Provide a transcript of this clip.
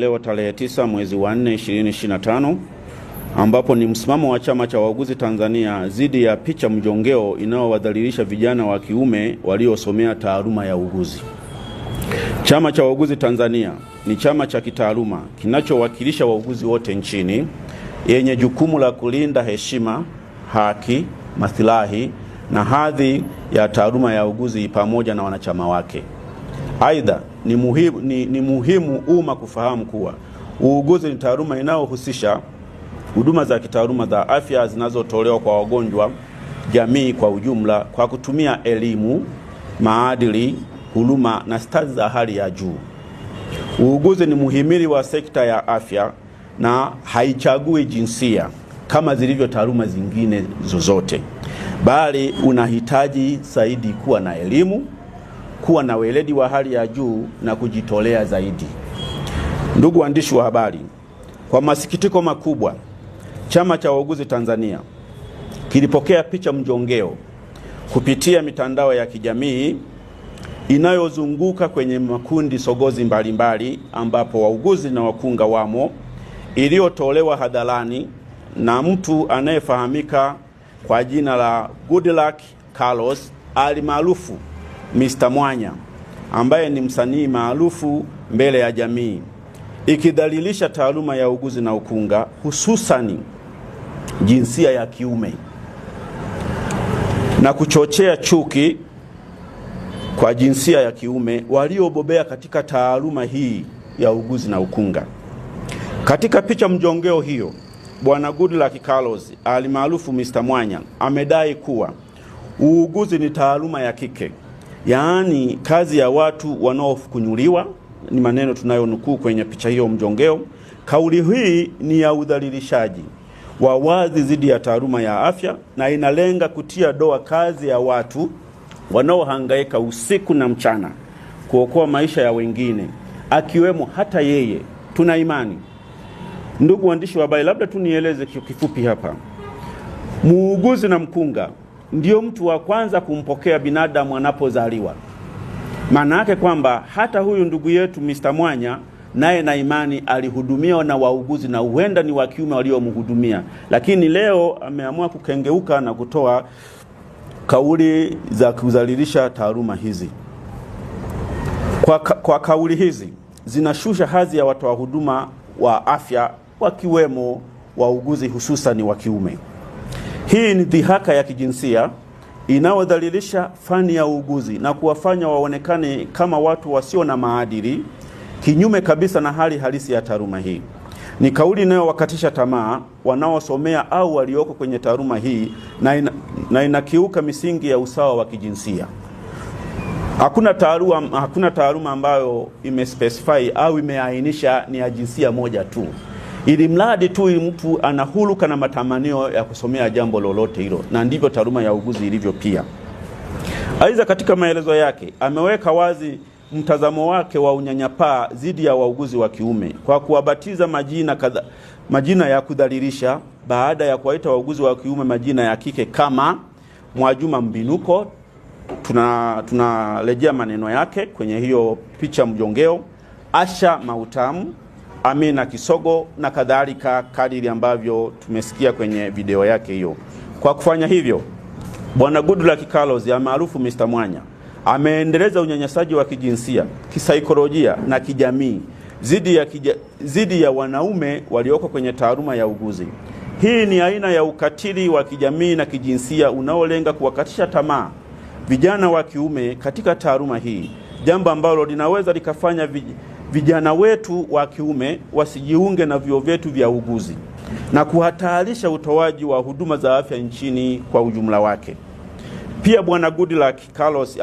Leo tarehe 9 mwezi wa 4 2025, ambapo ni msimamo wa Chama cha Wauguzi Tanzania dhidi ya picha mjongeo inayowadhalilisha vijana wa kiume waliosomea taaluma ya uuguzi. Chama cha Wauguzi Tanzania ni chama cha kitaaluma kinachowakilisha wauguzi wote nchini, yenye jukumu la kulinda heshima, haki, masilahi na hadhi ya taaluma ya uuguzi pamoja na wanachama wake. Aidha, ni muhimu, ni, ni muhimu umma kufahamu kuwa uuguzi ni taaluma inayohusisha huduma za kitaaluma za afya zinazotolewa kwa wagonjwa, jamii kwa ujumla, kwa kutumia elimu, maadili, huruma na stadi za hali ya juu. Uuguzi ni muhimili wa sekta ya afya na haichagui jinsia kama zilivyo taaluma zingine zozote, bali unahitaji zaidi kuwa na elimu kuwa na weledi wa hali ya juu na kujitolea zaidi. Ndugu waandishi wa habari, kwa masikitiko makubwa, chama cha wauguzi Tanzania kilipokea picha mjongeo kupitia mitandao ya kijamii inayozunguka kwenye makundi sogozi mbalimbali mbali, ambapo wauguzi na wakunga wamo, iliyotolewa hadharani na mtu anayefahamika kwa jina la Goodluck Carlos alimaarufu Mr. Mwanya ambaye ni msanii maarufu mbele ya jamii, ikidhalilisha taaluma ya uguzi na ukunga, hususani jinsia ya kiume na kuchochea chuki kwa jinsia ya kiume waliobobea katika taaluma hii ya uguzi na ukunga. Katika picha mjongeo hiyo, Bwana Goodluck Carlos alimaarufu Mr. Mwanya amedai kuwa uuguzi ni taaluma ya kike yaani kazi ya watu wanaofukunyuliwa, ni maneno tunayonukuu kwenye picha hiyo mjongeo. Kauli hii ni ya udhalilishaji wa wazi dhidi ya taaluma ya afya na inalenga kutia doa kazi ya watu wanaohangaika usiku na mchana kuokoa maisha ya wengine akiwemo hata yeye. Tuna imani, ndugu waandishi wa habari, labda tu nieleze kifupi hapa, muuguzi na mkunga ndio mtu wa kwanza kumpokea binadamu anapozaliwa. Maana yake kwamba hata huyu ndugu yetu Mr. Mwanya naye na imani alihudumiwa na wauguzi na huenda ni wa kiume waliomhudumia, lakini leo ameamua kukengeuka na kutoa kauli za kuzalilisha taaluma hizi. Kwa, ka, kwa kauli hizi zinashusha hadhi ya watoa huduma wa afya wakiwemo wauguzi hususan wa kiume. Hii ni dhihaka ya kijinsia inayodhalilisha fani ya uuguzi na kuwafanya waonekane kama watu wasio na maadili, kinyume kabisa na hali halisi ya taaluma hii. Ni kauli inayowakatisha tamaa wanaosomea au walioko kwenye taaluma hii na, ina, na inakiuka misingi ya usawa wa kijinsia. Hakuna taaluma, hakuna taaluma ambayo imespecify au imeainisha ni ya jinsia moja tu ili mradi tu mtu anahuluka na matamanio ya kusomea jambo lolote hilo, na ndivyo taaluma ya uuguzi ilivyo pia. Aidha, katika maelezo yake ameweka wazi mtazamo wake wa unyanyapaa dhidi ya wauguzi wa kiume kwa kuwabatiza majina katha, majina ya kudhalilisha baada ya kuwaita wauguzi wa kiume majina ya kike kama Mwajuma Mbinuko. Tunarejea tuna maneno yake kwenye hiyo picha mjongeo, Asha Mautamu Amina Kisogo na kadhalika, kadiri ambavyo tumesikia kwenye video yake hiyo. Kwa kufanya hivyo, Bwana Goodluck Carlos maarufu Mr. Mwanya ameendeleza unyanyasaji wa kijinsia, kisaikolojia na kijamii zidi ya, kija, zidi ya wanaume walioko kwenye taaluma ya uguzi. Hii ni aina ya ukatili wa kijamii na kijinsia unaolenga kuwakatisha tamaa vijana wa kiume katika taaluma hii, jambo ambalo linaweza likafanya vijana, vijana wetu wa kiume wasijiunge na vyuo vyetu vya uuguzi na kuhatarisha utoaji wa huduma za afya nchini kwa ujumla wake. Pia Bwana Goodluck Carlos